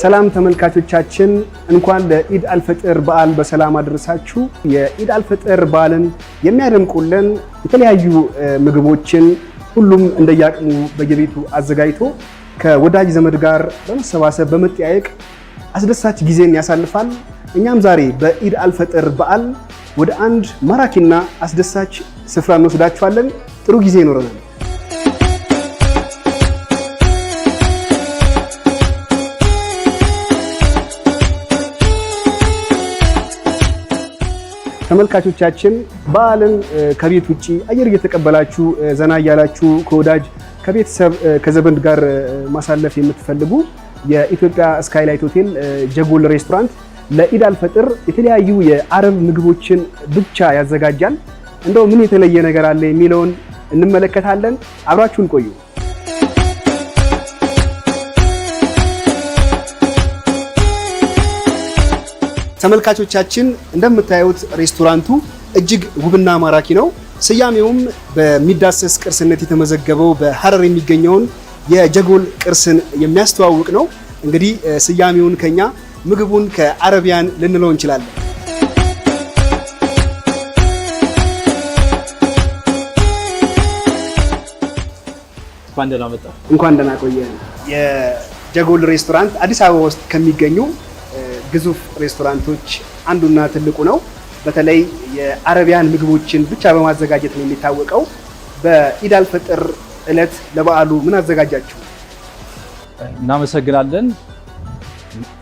ሰላም ተመልካቾቻችን እንኳን ለኢድ አልፈጥር በዓል በሰላም አደረሳችሁ። የኢድ አልፈጥር በዓልን የሚያደምቁልን የተለያዩ ምግቦችን ሁሉም እንደየአቅሙ በየቤቱ አዘጋጅቶ ከወዳጅ ዘመድ ጋር በመሰባሰብ በመጠያየቅ አስደሳች ጊዜን ያሳልፋል። እኛም ዛሬ በኢድ አልፈጥር በዓል ወደ አንድ ማራኪና አስደሳች ስፍራ እንወስዳችኋለን። ጥሩ ጊዜ ይኖረናል። ተመልካቾቻችን በዓልን ከቤት ውጭ አየር እየተቀበላችሁ ዘና እያላችሁ ከወዳጅ ከቤተሰብ ከዘበንድ ጋር ማሳለፍ የምትፈልጉ የኢትዮጵያ ስካይላይት ሆቴል ጀጎል ሬስቶራንት ለኢድ አልፈጥር የተለያዩ የአረብ ምግቦችን ብቻ ያዘጋጃል። እንደው ምን የተለየ ነገር አለ የሚለውን እንመለከታለን። አብራችሁን ቆዩ። ተመልካቾቻችን እንደምታዩት ሬስቶራንቱ እጅግ ውብና ማራኪ ነው። ስያሜውም በሚዳሰስ ቅርስነት የተመዘገበው በሐረር የሚገኘውን የጀጎል ቅርስን የሚያስተዋውቅ ነው። እንግዲህ ስያሜውን ከኛ ምግቡን ከአረቢያን ልንለው እንችላለን። እንኳን ደህና መጣ። እንኳን ደህና ቆየ። የጀጎል ሬስቶራንት አዲስ አበባ ውስጥ ከሚገኙ ግዙፍ ሬስቶራንቶች አንዱና ትልቁ ነው። በተለይ የአረቢያን ምግቦችን ብቻ በማዘጋጀት ነው የሚታወቀው። በኢድ አልፈጥር እለት ለበዓሉ ምን አዘጋጃችሁ? እናመሰግናለን።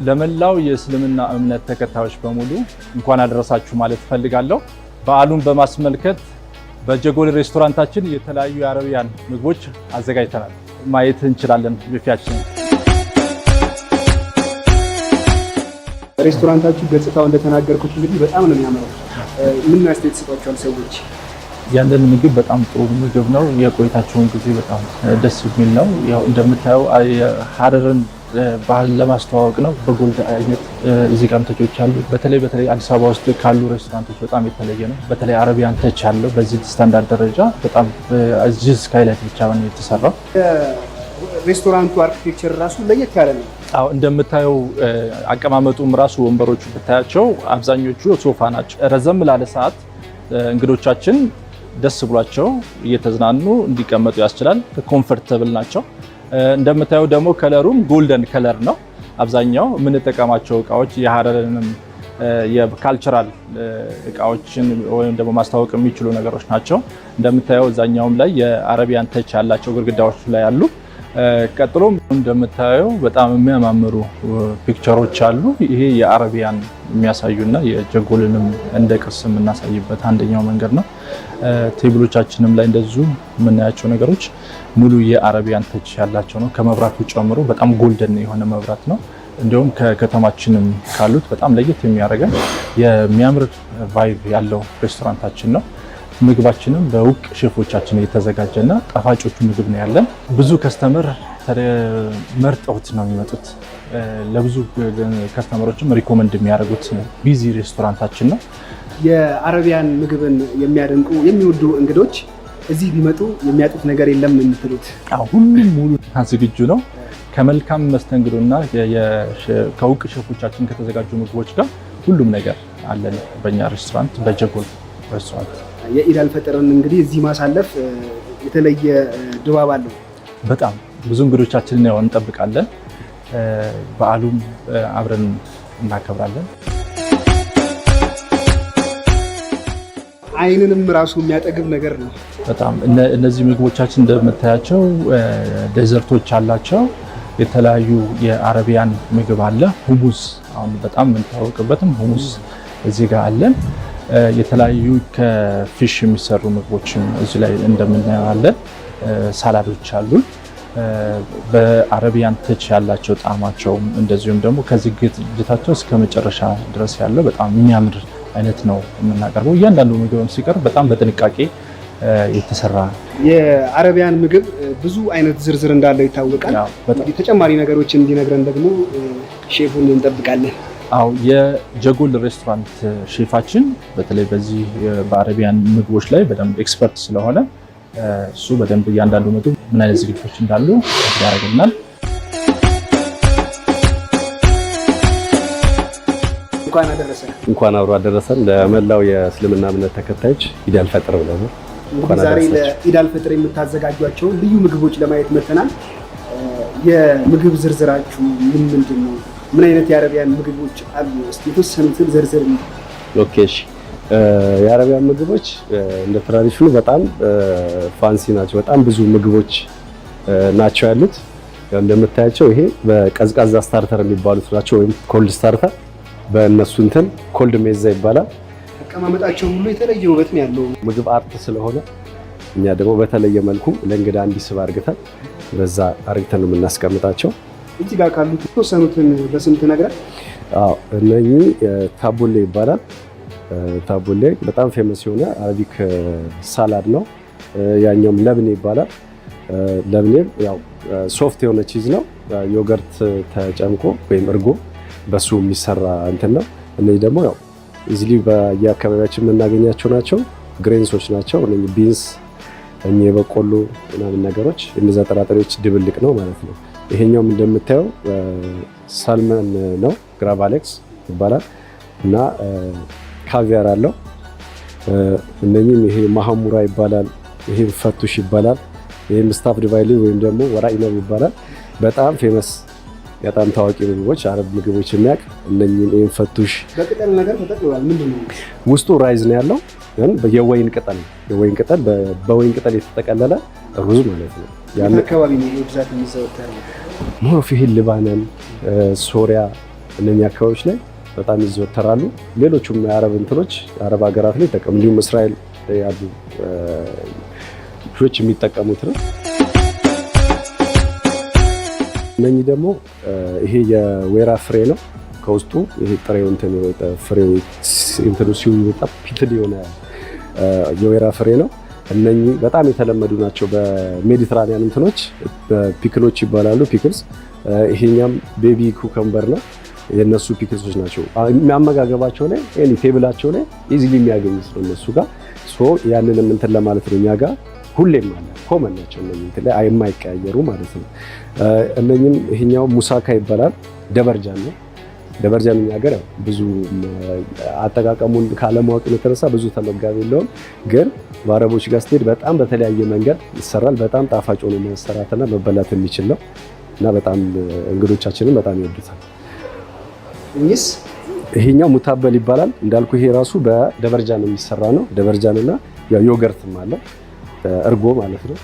ለመላው የእስልምና እምነት ተከታዮች በሙሉ እንኳን አደረሳችሁ ማለት እፈልጋለሁ። በዓሉን በማስመልከት በጀጎል ሬስቶራንታችን የተለያዩ የአረቢያን ምግቦች አዘጋጅተናል። ማየት እንችላለን ነው። ሬስቶራንታችሁ ገጽታው እንደተናገርኩት እንግዲህ በጣም ነው የሚያምረው። ምን አስተያየት ሰጧቸዋል ሰዎች? ያለን ምግብ በጣም ጥሩ ምግብ ነው። የቆይታቸውን ጊዜ በጣም ደስ የሚል ነው። ያው እንደምታየው ሀረርን ባህል ለማስተዋወቅ ነው። በጎልድ አይነት እዚህ ጋም ተቾች አሉ። በተለይ በተለይ አዲስ አበባ ውስጥ ካሉ ሬስቶራንቶች በጣም የተለየ ነው። በተለይ አረቢያን ተች አለው። በዚህ ስታንዳርድ ደረጃ በጣም ጅዝ ስካይላይት ብቻ ነው የተሰራው። ሬስቶራንቱ አርኪቴክቸር ራሱ ለየት ያለ ነው። አዎ እንደምታየው አቀማመጡም ራሱ ወንበሮቹ ብታያቸው አብዛኞቹ ሶፋ ናቸው። ረዘም ላለ ሰዓት እንግዶቻችን ደስ ብሏቸው እየተዝናኑ እንዲቀመጡ ያስችላል። ኮምፈርተብል ናቸው። እንደምታየው ደግሞ ከለሩም ጎልደን ከለር ነው። አብዛኛው የምንጠቀማቸው እቃዎች የሀረርንም የካልቸራል እቃዎችን ወይም ደግሞ ማስታወቅ የሚችሉ ነገሮች ናቸው። እንደምታየው እዛኛውም ላይ የአረቢያን ተች ያላቸው ግድግዳዎች ላይ አሉ። ቀጥሎም እንደምታየው በጣም የሚያማምሩ ፒክቸሮች አሉ። ይሄ የአረቢያን የሚያሳዩና የጀጎልንም እንደ ቅርስ የምናሳይበት አንደኛው መንገድ ነው። ቴብሎቻችንም ላይ እንደዚሁ የምናያቸው ነገሮች ሙሉ የአረቢያን ተች ያላቸው ነው። ከመብራቱ ጨምሮ በጣም ጎልደን የሆነ መብራት ነው። እንዲሁም ከከተማችንም ካሉት በጣም ለየት የሚያደርገን የሚያምር ቫይብ ያለው ሬስቶራንታችን ነው። ምግባችንም በውቅ ሼፎቻችን የተዘጋጀና ጣፋጮቹ ምግብ ነው ያለን። ብዙ ከስተመር መርጠውት ነው የሚመጡት። ለብዙ ከስተመሮችም ሪኮመንድ የሚያደርጉት ቢዚ ሬስቶራንታችን ነው። የአረቢያን ምግብን የሚያደንቁ የሚወዱ እንግዶች እዚህ ቢመጡ የሚያጡት ነገር የለም ነው የምትሉት? ሁሉም ሙሉ ዝግጁ ነው። ከመልካም መስተንግዶና ከውቅ ሸፎቻችን ከተዘጋጁ ምግቦች ጋር ሁሉም ነገር አለን በእኛ ሬስቶራንት በጀጎል ሬስቶራንት የኢዳል ፈጥርን እንግዲህ እዚህ ማሳለፍ የተለየ ድባብ አለው። በጣም ብዙ እንግዶቻችንን ያው እንጠብቃለን። በዓሉም አብረን እናከብራለን። አይንንም ራሱ የሚያጠግብ ነገር ነው። በጣም እነዚህ ምግቦቻችን እንደምታያቸው ዴዘርቶች አላቸው። የተለያዩ የአረቢያን ምግብ አለ። ሁሙስ አሁን በጣም የምንታወቅበትም ሁሙስ እዚህ ጋር አለን። የተለያዩ ከፊሽ የሚሰሩ ምግቦችን እዚህ ላይ እንደምናያለን። ሳላዶች አሉን። በአረቢያን ተች ያላቸው ጣዕማቸው እንደዚሁም ደግሞ ከዚህ ግጅታቸው እስከ መጨረሻ ድረስ ያለው በጣም የሚያምር አይነት ነው የምናቀርበው። እያንዳንዱ ምግብም ሲቀርብ በጣም በጥንቃቄ የተሰራ የአረቢያን ምግብ ብዙ አይነት ዝርዝር እንዳለው ይታወቃል። ተጨማሪ ነገሮች እንዲነግረን ደግሞ ሼፉን እንጠብቃለን። አው የጀጎል ሬስቶራንት ሼፋችን በተለይ በዚህ በአረቢያን ምግቦች ላይ በደንብ ኤክስፐርት ስለሆነ እሱ በደንብ እያንዳንዱ ምግብ ምን አይነት ዝግጅቶች እንዳሉ ያደርግልናል። እንኳን አብሮ አደረሰን ለመላው የእስልምና እምነት ተከታዮች ኢድ አልፈጥር ብለው ዛሬ ለኢድ የምታዘጋጇቸውን ልዩ ምግቦች ለማየት መተናል። የምግብ ዝርዝራችሁ ምን ምንድን ነው? ምን አይነት የአረቢያን ምግቦች አሉ? እስኪ የተወሰኑትን ዘርዘር። ኦኬ የአረቢያን ምግቦች እንደ ትራዲሽኑ በጣም ፋንሲ ናቸው። በጣም ብዙ ምግቦች ናቸው ያሉት። እንደምታያቸው ይሄ በቀዝቃዛ ስታርተር የሚባሉት ናቸው፣ ወይም ኮልድ ስታርተር። በእነሱ እንትን ኮልድ ሜዛ ይባላል። አቀማመጣቸው ሁሉ የተለየ ውበት ነው ያለው። ምግብ አርት ስለሆነ እኛ ደግሞ በተለየ መልኩ ለእንግዳ እንዲስብ አድርገታል። በዛ አርግተን ነው የምናስቀምጣቸው። እዚህ ጋር ካሉት የተወሰኑትን በስም ትነግረን። እነኚህ ታቦሌ ይባላል። ታቦሌ በጣም ፌመስ የሆነ አረቢክ ሳላድ ነው። ያኛውም ለብኔ ይባላል። ለብኔ ያው ሶፍት የሆነ ቺዝ ነው። ዮገርት ተጨምቆ ወይም እርጎ በሱ የሚሰራ እንትን ነው። እነዚህ ደግሞ ያው እዚህ በየአካባቢያችን የምናገኛቸው ናቸው። ግሬንሶች ናቸው። ቢንስ፣ የበቆሎ ምናምን ነገሮች እነዚያ ጥራጥሬዎች ድብልቅ ነው ማለት ነው። ይሄኛውም እንደምታየው ሳልመን ነው፣ ግራብ አሌክስ ይባላል እና ካቪያር አለው። እነኚህም ይሄ ማሐሙራ ይባላል፣ ይሄም ፈቱሽ ይባላል፣ ይህም ስታፍ ዲቫይሊ ወይም ደግሞ ወራኢነብ ይባላል። በጣም ፌመስ በጣም ታዋቂ ምግቦች አረብ ምግቦች የሚያውቅ እነኚህን ይህም ፈቱሽ ውስጡ ራይዝ ነው ያለው፣ የወይን ቅጠል የወይን ቅጠል በወይን ቅጠል የተጠቀለለ ሩዝ ማለት ነው። አካባቢ ብዛት የሚዘወተር ሞሮፍ ይሄ ሊባነን፣ ሶሪያ እነኛ አካባቢዎች ላይ በጣም ይዘወተራሉ። ሌሎቹም የአረብ እንትኖች አረብ ሀገራት ላይ ይጠቀሙ፣ እንዲሁም እስራኤል ያሉ ልጆች የሚጠቀሙት ነው። እነኚህ ደግሞ ይሄ የወይራ ፍሬ ነው። ከውስጡ ይሄ ጥሬው እንትን ፍሬው እንትኑ ሲወጣ ፒትል የሆነ የወይራ ፍሬ ነው። እነኚህ በጣም የተለመዱ ናቸው። በሜዲትራኒያን እንትኖች ፒክሎች ይባላሉ። ፒክልስ ይሄኛም ቤቢ ኩከምበር ነው። የነሱ ፒክልሶች ናቸው። የሚያመጋገባቸው ላይ ኤኒ ቴብላቸው ላይ ኢዚሊ የሚያገኙት ነው እነሱ ጋር ሶ ያንንም እንትን ለማለት ነው። እኛ ጋር ሁሌም አለ ኮመን ናቸው እነ እንትን ላይ የማይቀያየሩ ማለት ነው። እነኝም ይሄኛው ሙሳካ ይባላል። ደበርጃን ነው ደበርጃን እኛ ሀገር ብዙ አጠቃቀሙን ካለማወቅ የተነሳ ብዙ ተመጋቢ የለውም። ግን በአረቦች ጋር ስትሄድ በጣም በተለያየ መንገድ ይሰራል። በጣም ጣፋጭ ሆኖ መሰራትና መበላት የሚችል ነው እና በጣም እንግዶቻችንን በጣም ይወዱታል። ይስ ይሄኛው ሙታበል ይባላል። እንዳልኩ ይሄ ራሱ በደበርጃን የሚሰራ ነው። ደበርጃንና ዮገርትም አለ እርጎ ማለት ነው።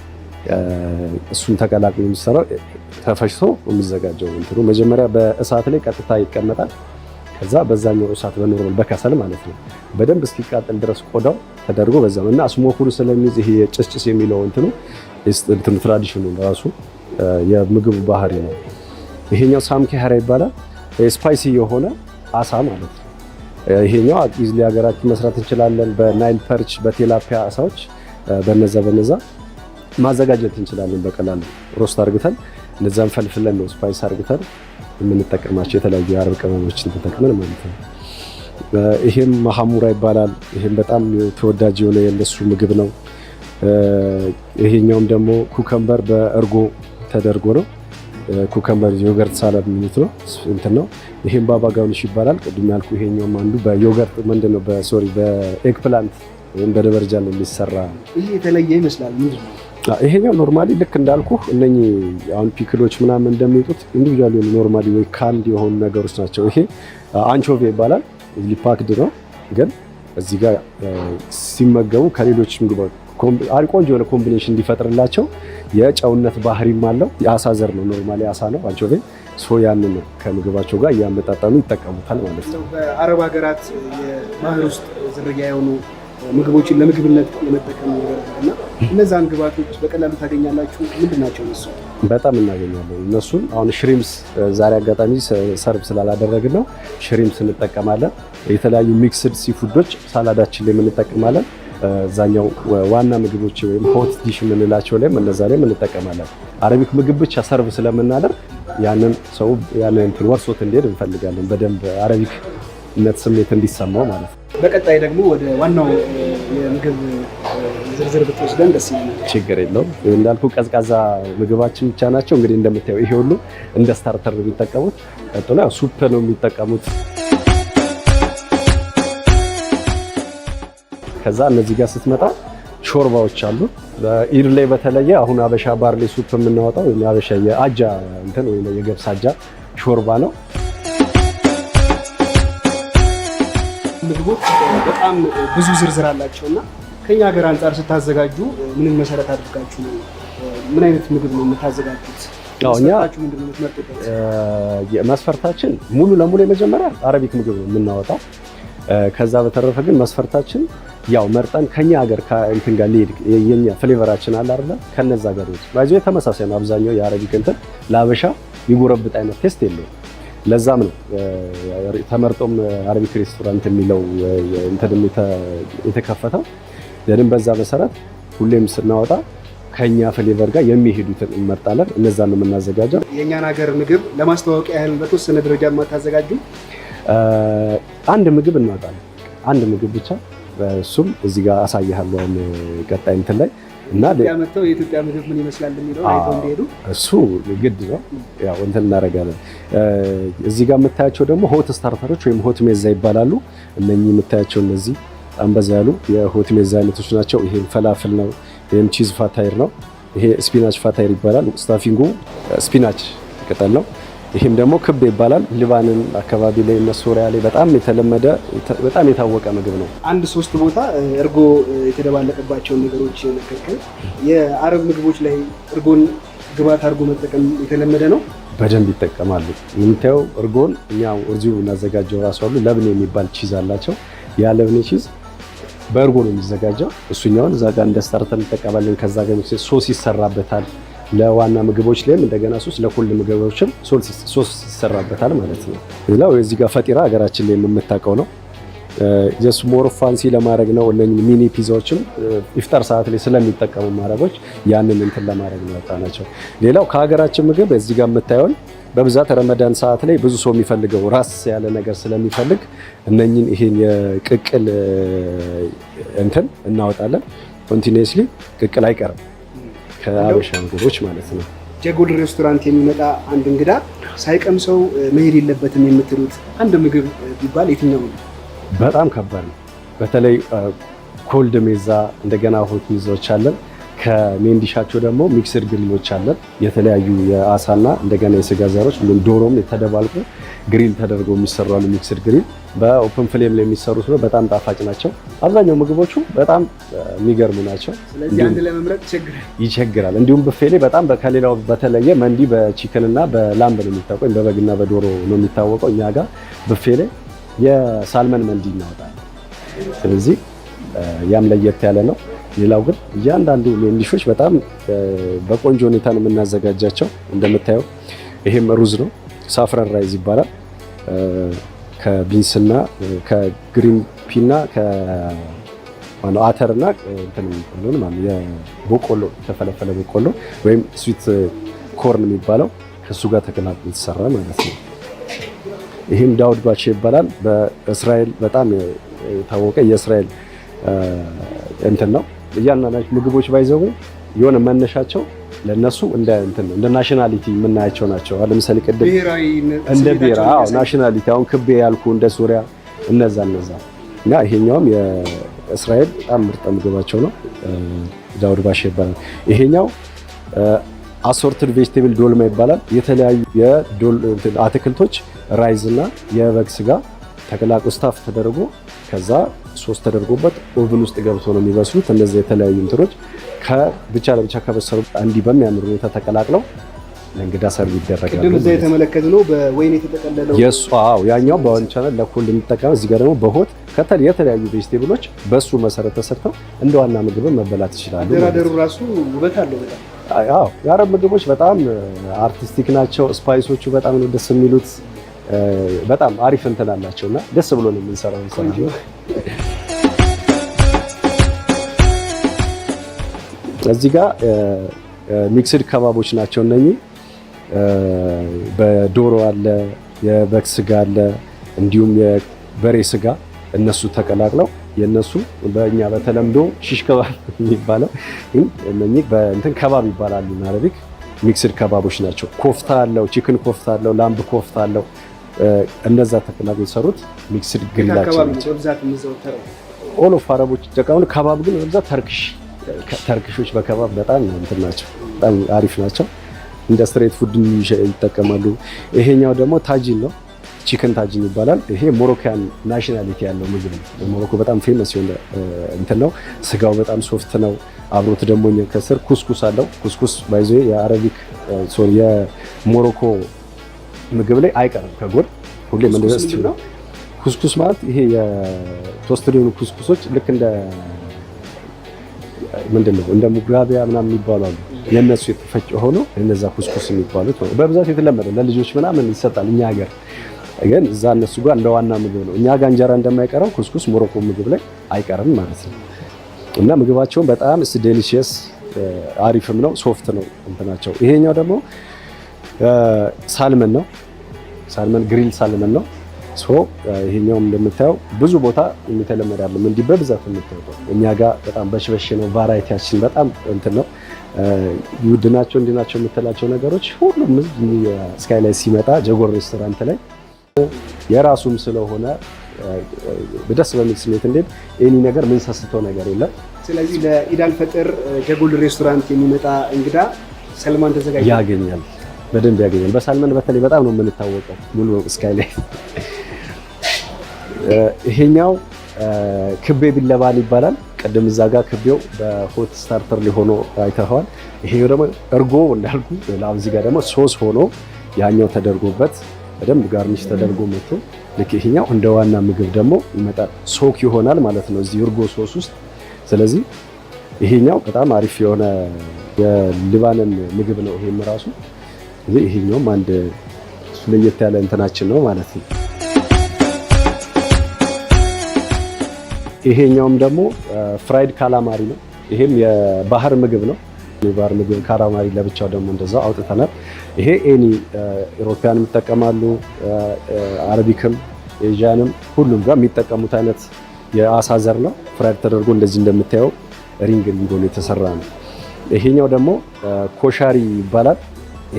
እሱን ተቀላቅሎ የሚሰራው ተፈጭቶ የሚዘጋጀው እንትኑ መጀመሪያ በእሳት ላይ ቀጥታ ይቀመጣል። ከዛ በዛኛው እሳት በኖርማል በከሰል ማለት ነው በደንብ እስኪቃጠል ድረስ ቆዳው ተደርጎ በዛ እና አስሞኩሉ ስለሚይዝ ይሄ የጭስጭስ የሚለው እንትኑ እንትኑ ትራዲሽኑ ራሱ የምግቡ ባህሪ ነው። ይሄኛው ሳምኪሃራ ይባላል። ስፓይሲ የሆነ አሳ ማለት ነው። ይሄኛው ኢዝሊ ሀገራችን መስራት እንችላለን። በናይል ፐርች፣ በቴላፒያ አሳዎች በነዛ በነዛ ማዘጋጀት እንችላለን። በቀላሉ ሮስት አርግተን እነዛን ፈልፍለን ነው ስፓይስ አርግተን የምንጠቀማቸው የተለያዩ የአረብ ቅመሞችን ተጠቅመን ማለት ነው። ይሄም መሐሙራ ይባላል። ይሄም በጣም ተወዳጅ የሆነ የእነሱ ምግብ ነው። ይሄኛውም ደግሞ ኩከምበር በእርጎ ተደርጎ ነው። ኩከምበር ዮገርት ሳላድ ሚኒት ነው እንትን ነው። ይሄም ባባ ጋውንሽ ይባላል። ቅድም ያልኩ ይሄኛውም አንዱ በዮገርት ምንድን ነው በሶሪ በኤግፕላንት ወይም በደበርጃን የሚሰራ ይሄ የተለየ ይመስላል ምንድን ነው ይሄኛው ኖርማሊ ልክ እንዳልኩ እነኚህ አሁን ፒክሎች ምናምን እንደሚወጡት ኢንዲቪጁዋል የሆኑ ኖርማሊ ወይ ካንድ የሆኑ ነገሮች ናቸው። ይሄ አንቾቬ ይባላል። ሊፓክድ ነው ግን እዚህ ጋር ሲመገቡ ከሌሎች ቆንጆ የሆነ ኮምቢኔሽን እንዲፈጥርላቸው የጨውነት ባህሪም አለው። የአሳ ዘር ነው፣ ኖርማሊ አሳ ነው አንቾቬ። ያንን ከምግባቸው ጋር እያመጣጠኑ ይጠቀሙታል ማለት ነው። በአረብ ሀገራት የባህር ውስጥ ዝርያ የሆኑ ምግቦችን ለምግብነት የመጠቀም ነገር እና እነዛን ግባቶች በቀላሉ ታገኛላችሁ። ምንድን ናቸው እነሱ? በጣም እናገኛለን እነሱን። አሁን ሽሪምስ ዛሬ አጋጣሚ ሰርቭ ስላላደረግን ነው። ሽሪምስ እንጠቀማለን። የተለያዩ ሚክስድ ሲፉዶች ሳላዳችን ላይ እንጠቀማለን። እዛኛው ዋና ምግቦች ወይም ሆት ዲሽ የምንላቸው ላይም እነዛ ላይም እንጠቀማለን። አረቢክ ምግብ ብቻ ሰርቭ ስለምናደርግ ያንን ሰው ያንን እንትን ወርሶት እንዲሄድ እንፈልጋለን። በደንብ አረቢክነት ስሜት እንዲሰማው ማለት ነው። በቀጣይ ደግሞ ወደ ዋናው የምግብ ዝርዝር ብትወስደን ደስ ይለኛል። ችግር የለውም እንዳልኩ ቀዝቃዛ ምግባችን ብቻ ናቸው። እንግዲህ እንደምታየው ይሄ ሁሉ እንደ ስታርተር የሚጠቀሙት ቀጥሎ ሱፕ ነው የሚጠቀሙት። ከዛ እነዚህ ጋር ስትመጣ ሾርባዎች አሉ። ኢድ ላይ በተለየ አሁን አበሻ ባርሌ ሱፕ የምናወጣው አበሻ የአጃ እንትን ወይ የገብስ አጃ ሾርባ ነው። ምግቦች በጣም ብዙ ዝርዝር አላቸው እና ከኛ ሀገር አንጻር ስታዘጋጁ ምንም መሰረት አድርጋችሁ ነው? ምን አይነት ምግብ ነው የምታዘጋጁት? መስፈርታችን ሙሉ ለሙሉ የመጀመሪያ አረቢክ ምግብ ነው የምናወጣው። ከዛ በተረፈ ግን መስፈርታችን ያው መርጠን ከኛ ሀገር ከእንትን ጋር ሊሄድ የኛ ፍሌቨራችን አለ አይደለ? ከነዛ ጋር ይወጥ ባይዞ የተመሳሳይ ነው። አብዛኛው የአረቢክ እንትን ለአበሻ ይጎረብጥ አይነት ቴስት የለውም። ለዛም ነው ተመርጦም አረቢክ ሬስቶራንት የሚለው የተከፈተው። ደንም በዛ መሰረት ሁሌም ስናወጣ ከኛ ፍሌቨር ጋር የሚሄዱትን እንመርጣለን። እነዛ ነው የምናዘጋጀው። የእኛን ሀገር ምግብ ለማስተዋወቂያ ያህል በተወሰነ ደረጃ የማታዘጋጁ አንድ ምግብ እናወጣለን። አንድ ምግብ ብቻ እሱም እዚህ ጋር አሳይሃለሁ ቀጣይ እንትን ላይ እና መጥተው የኢትዮጵያ ምግብ ምን ይመስላል የሚለው እሱ ግድ ነው። ያው እንትን እናደርጋለን። እዚህ ጋር የምታያቸው ደግሞ ሆት ስታርተሮች ወይም ሆት ሜዛ ይባላሉ። እነኚህ የምታያቸው እነዚህ በጣም በዛ ያሉ የሆት ሜዛ አይነቶች ናቸው። ይሄም ፈላፍል ነው። ይሄም ቺዝ ፋታይር ነው። ይሄ ስፒናች ፋታይር ይባላል። ስታፊንጉ ስፒናች ቅጠል ነው። ይህም ደግሞ ክብ ይባላል። ሊባንን አካባቢ ላይ እነ ሱሪያ ላይ በጣም የተለመደ በጣም የታወቀ ምግብ ነው። አንድ ሶስት ቦታ እርጎ የተደባለቀባቸውን ነገሮች መካከል የአረብ ምግቦች ላይ እርጎን ግባት አድርጎ መጠቀም የተለመደ ነው። በደንብ ይጠቀማሉ። የምታየው እርጎን እኛ እርዚሁ እናዘጋጀው ራሱ አሉ። ለብኔ የሚባል ቺዝ አላቸው። ያ ለብኔ ቺዝ በእርጎ ነው የሚዘጋጀው። እሱኛውን እዛ ጋር እንደ ስታርተር እንጠቀማለን። ከዛ ጋር ሶስ ይሰራበታል። ለዋና ምግቦች ላይም እንደገና ሶስት ለሁል ምግቦችም ሶስት ይሰራበታል ማለት ነው። ሌላው የዚህ ጋር ፈጢራ ሀገራችን ላይ የምታውቀው ነው። ጀስ ሞር ፋንሲ ለማድረግ ነው። እነ ሚኒ ፒዛዎችም ኢፍጣር ሰዓት ላይ ስለሚጠቀሙ ማረቦች ያንን እንትን ለማድረግ ነው ናቸው። ሌላው ከሀገራችን ምግብ እዚህ ጋር የምታየውን በብዛት ረመዳን ሰዓት ላይ ብዙ ሰው የሚፈልገው ራስ ያለ ነገር ስለሚፈልግ እነኝን ይሄን የቅቅል እንትን እናወጣለን። ኮንቲኒስሊ ቅቅል አይቀርም። ከሀበሻ ምግቦች ማለት ነው። ጀጎል ሬስቶራንት የሚመጣ አንድ እንግዳ ሳይቀምሰው መሄድ የለበትም የምትሉት አንድ ምግብ ቢባል የትኛው ነው? በጣም ከባድ ነው። በተለይ ኮልድ ሜዛ፣ እንደገና ሆት ሜዛዎች አለን። ከሜንዲሻቸው ደግሞ ሚክስድ ግሪሎች አለን። የተለያዩ የአሳና እንደገና የስጋ ዘሮች ዶሮም የተደባልቁ ግሪል ተደርገው የሚሰሩ አሉ። ሚክስድ ግሪል በኦፕን ፍሌም ላይ የሚሰሩ ስለሆነ በጣም ጣፋጭ ናቸው። አብዛኛው ምግቦቹ በጣም የሚገርሙ ናቸው። ስለዚህ አንድ ለመምረጥ ይቸግራል። እንዲሁም ብፌ ላይ በጣም ከሌላው በተለየ መንዲ በቺክን እና በላምብ ነው የሚታወቀው፣ በበግና በዶሮ ነው የሚታወቀው። እኛ ጋር ብፌ ላይ የሳልመን መንዲ እናወጣለን። ስለዚህ ያም ለየት ያለ ነው። ሌላው ግን እያንዳንዱ ሜን በጣም በቆንጆ ሁኔታ ነው የምናዘጋጃቸው። እንደምታየው ይሄም ሩዝ ነው ሳፍረን ራይዝ ይባላል። ከቢንስና ከግሪን ፒና ከማነው አተርና ማለት የቦቆሎ የተፈለፈለ በቆሎ ወይም ስዊት ኮርን የሚባለው ከእሱ ጋር ተቀላቅሎ የተሰራ ማለት ነው። ይህም ዳውድ ባቼ ይባላል። በእስራኤል በጣም የታወቀ የእስራኤል እንትን ነው። እያንዳንዳቸው ምግቦች ባይዘው የሆነ መነሻቸው ለእነሱ እንደ እንትን እንደ ናሽናሊቲ የምናያቸው ናቸው። ለምሳሌ ቅድም እንደ ብሔራ ናሽናሊቲ አሁን ክቤ ያልኩ እንደ ሱሪያ እነዛ እነዛ እና ይሄኛውም የእስራኤል በጣም ምርጥ ምግባቸው ነው። ዳውድ ባሽ ይባላል። ይሄኛው አሶርትድ ቬጅቴብል ዶልማ ይባላል። የተለያዩ የአትክልቶች ራይዝ እና የበግ ስጋ ተቀላቅሎ ስታፍ ተደርጎ ከዛ ሶስት ተደርጎበት ኦቭን ውስጥ ገብቶ ነው የሚበስሉት። እነዚህ የተለያዩ እንትኖች ከብቻ ለብቻ ከበሰሉ እንዲህ በሚያምር ሁኔታ ተቀላቅለው ለእንግዳ ሰርቭ ይደረጋል። ቅድም እዛ የተመለከትነው በወይን የተጠቀለለው የሱ አዎ፣ ያኛው በወንቻለ ለኩል የሚጠቀመው እዚህ ጋር ደግሞ በሆት የተለያዩ ቬጅቴብሎች በሱ መሰረት ተሰርተው እንደ ዋና ምግብ መበላት ይችላሉ። ደራደሩ ራሱ ውበት አለው በጣም አዎ። የአረብ ምግቦች በጣም አርቲስቲክ ናቸው። ስፓይሶቹ በጣም ነው ደስ የሚሉት። በጣም አሪፍ እንትን አላቸው እና ደስ ብሎ ነው የምንሰራው እዚህ ጋር ሚክስድ ከባቦች ናቸው እነኚህ። በዶሮ አለ፣ የበግ ስጋ አለ፣ እንዲሁም የበሬ ስጋ እነሱ ተቀላቅለው የእነሱ በእኛ በተለምዶ ሽሽ ከባብ የሚባለው እነኚህ በእንትን ከባብ ይባላሉ። አረቢክ ሚክስድ ከባቦች ናቸው። ኮፍታ አለው፣ ቺክን ኮፍታ አለው፣ ላምብ ኮፍታ አለው። እነዛ ተክላት የሰሩት ሚክስድ ግሪዳቸው ኦል አረቦች ይጠቀማሉ። ከባብ ግን በብዛት ተርክሽ ተርክሾች በከባብ በጣም እንትን ናቸው፣ በጣም አሪፍ ናቸው። እንደ ስትሬት ፉድ ይጠቀማሉ። ይሄኛው ደግሞ ታጂን ነው፣ ቺክን ታጂን ይባላል። ይሄ ሞሮካን ናሽናሊቲ ያለው ምግብ ነው። ሞሮኮ በጣም ፌመስ የሆነ እንትን ነው። ስጋው በጣም ሶፍት ነው። አብሮት ደግሞ ከስር ኩስኩስ አለው። ኩስኩስ ባይዞ የአረቢክ ሶሪ የሞሮኮ ምግብ ላይ አይቀርም ከጎን ሁሌም እንደዛ ነው። ኩስኩስ ማለት ይሄ የቶስትድ የሆኑ ኩስኩሶች ልክ እንደ ምንድን ነው እንደ ሙጋቢያ ምናምን የሚባሉ አሉ። የእነሱ የተፈጨ ሆኖ እነዛ ኩስኩስ የሚባሉት በብዛት የተለመደ ለልጆች ምናምን ይሰጣል። እኛ ሀገር ግን እዛ እነሱ ጋር እንደ ዋና ምግብ ነው። እኛ ጋር እንጀራ እንደማይቀረው ኩስኩስ ሞሮኮ ምግብ ላይ አይቀርም ማለት ነው። እና ምግባቸውን በጣም ስ ዴሊሽየስ አሪፍም ነው። ሶፍት ነው እንትናቸው። ይሄኛው ደግሞ ሳልመን ነው ሳልመን ግሪል ሳልመን ነው። ሶ ይሄኛው እንደምታየው ብዙ ቦታ የሚተለመድ አይደለም፣ እንዲህ በብዛት የምታዩት እኛ ጋር በጣም በሽበሽ ነው። ቫራይቲያችን በጣም እንትን ነው። ውድ ናቸው እንዲህ ናቸው የምትላቸው ነገሮች ሁሉም ስካይ ላይ ሲመጣ ጀጎር ሬስቶራንት ላይ የራሱም ስለሆነ በደስ በሚል ስሜት እንዴት ኤኒ ነገር ምን ሰስተው ነገር የለም። ስለዚህ ለኢዳል ፈጥር ጀጎል ሬስቶራንት የሚመጣ እንግዳ ሰልማን ተዘጋጅ ያገኛል። በደንብ ያገኛል። በሳልመን በተለይ በጣም ነው የምንታወቀው። ሙሉ ስካይ ላይ ይሄኛው ክቤ ቢለባን ይባላል። ቅድም እዛ ጋር ክቤው በሆት ስታርተር ሊሆኖ አይተኸዋል። ይሄ ደግሞ እርጎ እንዳልኩ ላም፣ እዚህ ጋር ደግሞ ሶስ ሆኖ ያኛው ተደርጎበት በደንብ ጋርኒሽ ተደርጎ መጥቶ ልክ ይሄኛው እንደ ዋና ምግብ ደግሞ ይመጣል። ሶክ ይሆናል ማለት ነው እዚህ እርጎ ሶስ ውስጥ። ስለዚህ ይሄኛው በጣም አሪፍ የሆነ የሊባንን ምግብ ነው ይሄም ራሱ ይሄኛውም አንድ ለየት ያለ እንትናችን ነው ማለት ነው። ይሄኛውም ደግሞ ፍራይድ ካላማሪ ነው። ይሄም የባህር ምግብ ነው። የባህር ምግብ ካላማሪ ለብቻው ደግሞ እንደዛው አውጥተናል። ይሄ ኤኒ ኢሮፓያን ይጠቀማሉ አረቢክም፣ ኤዥያንም ሁሉም ጋር የሚጠቀሙት አይነት የአሳ ዘር ነው። ፍራይድ ተደርጎ እንደዚህ እንደምታየው ሪንግ ሪንግ ሆኖ የተሰራ ነው። ይሄኛው ደግሞ ኮሻሪ ይባላል።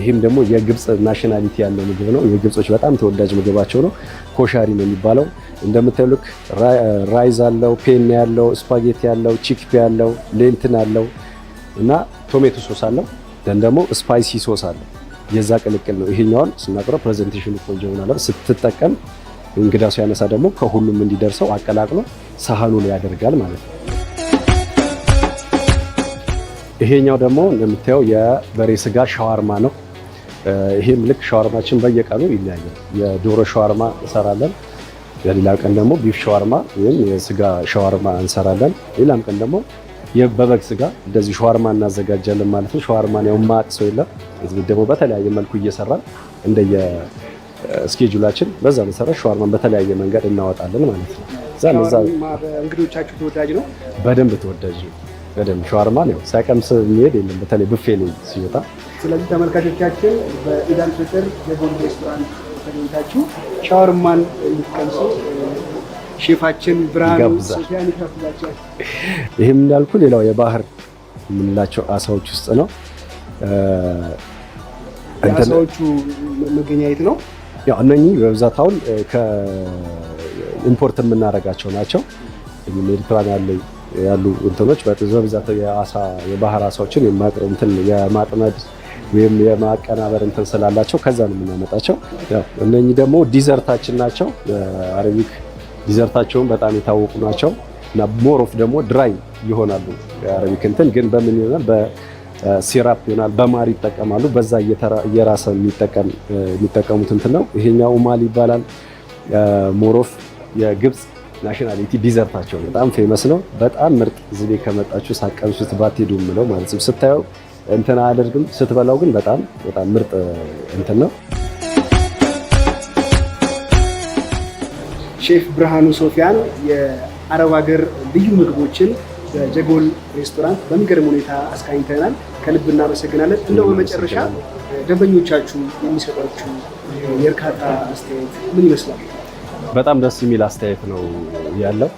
ይህም ደግሞ የግብፅ ናሽናሊቲ ያለው ምግብ ነው። የግብፆች በጣም ተወዳጅ ምግባቸው ነው። ኮሻሪ ነው የሚባለው። እንደምታዩ ራይዝ አለው፣ ፔን ያለው፣ ስፓጌቲ ያለው፣ ቺክፒ ያለው፣ ሌንትን አለው እና ቶሜቶ ሶስ አለው። ደን ደግሞ ስፓይሲ ሶስ አለው። የዛ ቅልቅል ነው። ይሄኛውን ስናቅረው ፕሬዘንቴሽኑ ቆንጆ ሆናለ። ስትጠቀም እንግዳ ሰው ያነሳ ደግሞ ከሁሉም እንዲደርሰው አቀላቅሎ ሳህኑ ላይ ያደርጋል ማለት ነው። ይሄኛው ደግሞ እንደምታየው የበሬ ስጋ ሻዋርማ ነው። ይህም ልክ ሸዋርማችን በየቀኑ ይለያያል። የዶሮ ሸዋርማ እንሰራለን። ለሌላ ቀን ደግሞ ቢፍ ሸዋርማ ወይም የስጋ ሸዋርማ እንሰራለን። ሌላም ቀን ደግሞ በበግ ስጋ እንደዚህ ሸዋርማ እናዘጋጃለን ማለት ነው። ሸዋርማን ያው ማቅ ሰው የለም። እዚህ ደግሞ በተለያየ መልኩ እየሰራን እንደየ ስኬጁላችን በዛ መሰረት ሸዋርማን በተለያየ መንገድ እናወጣለን ማለት ነው። እዛ እዛ እንግዶቻችሁ ተወዳጅ ነው፣ በደንብ ተወዳጅ ነው። በደንብ ሸዋርማን ያው ሳይቀምስ የሚሄድ የለም። በተለይ ብፌ ላይ ሲወጣ ስለዚህ ተመልካቾቻችን በኢዳን ፍጥር የቦሌ ሬስቶራንት ተገኝታችሁ ሻወርማን እንድትቀምሱ ሼፋችን ብርሃኑ ሶፊያን ይካፍላቸዋል። ይህም እንዳልኩ ሌላው የባህር የምንላቸው አሳዎች ውስጥ ነው። የአሳዎቹ መገኛየት ነው። ያው እነኚህ በብዛት አሁን ከኢምፖርት የምናደርጋቸው ናቸው። ኤርትራን ያለ ያሉ እንትኖች በብዛት የባህር አሳዎችን የማጥመድ ወይም የማቀናበር እንትን ስላላቸው ከዛ ነው የምናመጣቸው። እነኚህ ደግሞ ዲዘርታችን ናቸው። አረቢክ ዲዘርታቸውን በጣም የታወቁ ናቸው እና ሞሮፍ ደግሞ ድራይ ይሆናሉ። የአረቢክ እንትን ግን በምን ይሆናል? በሲራፕ ይሆናል። በማር ይጠቀማሉ። በዛ እየራሰ የሚጠቀሙት እንትን ነው። ይሄኛው ማል ይባላል። ሞሮፍ የግብፅ ናሽናሊቲ ዲዘርታቸው በጣም ፌመስ ነው። በጣም ምርጥ ዝቤ ከመጣችሁ ሳቀምሱት ባትሄዱ ምለው ማለት ስታየው እንትን አያደርግም። ስትበላው ግን በጣም በጣም ምርጥ እንትን ነው። ሼፍ ብርሃኑ ሶፊያን የአረብ ሀገር ልዩ ምግቦችን በጀጎል ሬስቶራንት በሚገርም ሁኔታ አስቃኝተናል። ከልብ እናመሰግናለን። እንደው በመጨረሻ ደንበኞቻችሁ የሚሰጧችሁ የእርካታ አስተያየት ምን ይመስላል? በጣም ደስ የሚል አስተያየት ነው ያለው።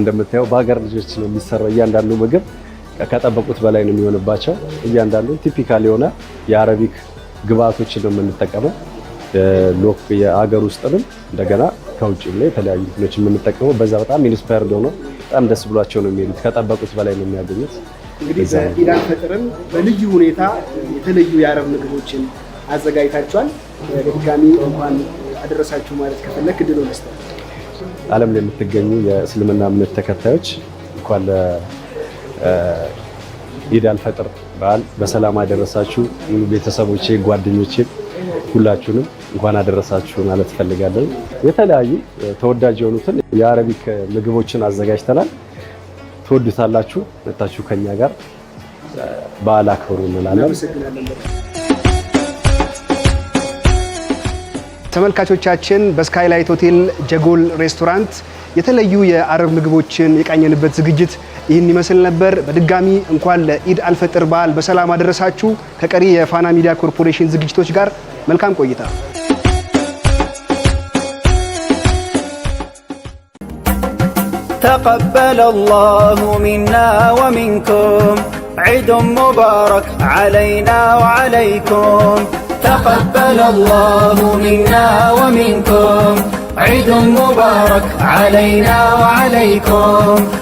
እንደምታየው በሀገር ልጆች ነው የሚሰራው እያንዳንዱ ምግብ ከጠበቁት በላይ ነው የሚሆንባቸው። እያንዳንዱ ቲፒካል የሆነ የአረቢክ ግብአቶችን ነው የምንጠቀመው። ሎክ የአገር ውስጥንም እንደገና ከውጭ ላይ የተለያዩ እንትኖች የምንጠቀመው በዛ በጣም ኢንስፓየርድ ሆነው በጣም ደስ ብሏቸው ነው የሚሄዱት። ከጠበቁት በላይ ነው የሚያገኙት። እንግዲህ በኢዳል ፈጥርም በልዩ ሁኔታ የተለዩ የአረብ ምግቦችን አዘጋጅታችኋል። በድጋሚ እንኳን አደረሳችሁ ማለት ከፈለክ ድሎ መስጠት ዓለም ላይ የምትገኙ የእስልምና እምነት ተከታዮች እንኳን ኢድ አልፈጥር በዓል በሰላም አደረሳችሁ። ቤተሰቦቼ፣ ጓደኞቼ ሁላችሁንም እንኳን አደረሳችሁ ማለት ፈልጋለሁ። የተለያዩ ተወዳጅ የሆኑትን የአረቢክ ምግቦችን አዘጋጅተናል። ትወዱታላችሁ። መታችሁ ከኛ ጋር በዓል አክብሩ እንላለን። ተመልካቾቻችን በስካይላይት ሆቴል ጀጎል ሬስቶራንት የተለዩ የአረብ ምግቦችን የቃኘንበት ዝግጅት ይህን ይመስል ነበር። በድጋሚ እንኳን ለኢድ አልፈጥር በዓል በሰላም አደረሳችሁ። ከቀሪ የፋና ሚዲያ ኮርፖሬሽን ዝግጅቶች ጋር መልካም ቆይታ። تقبل الله منا ومنكم عيد مبارك علينا وعليكم تقبل الله منا ومنكم عيد مبارك علينا وعليكم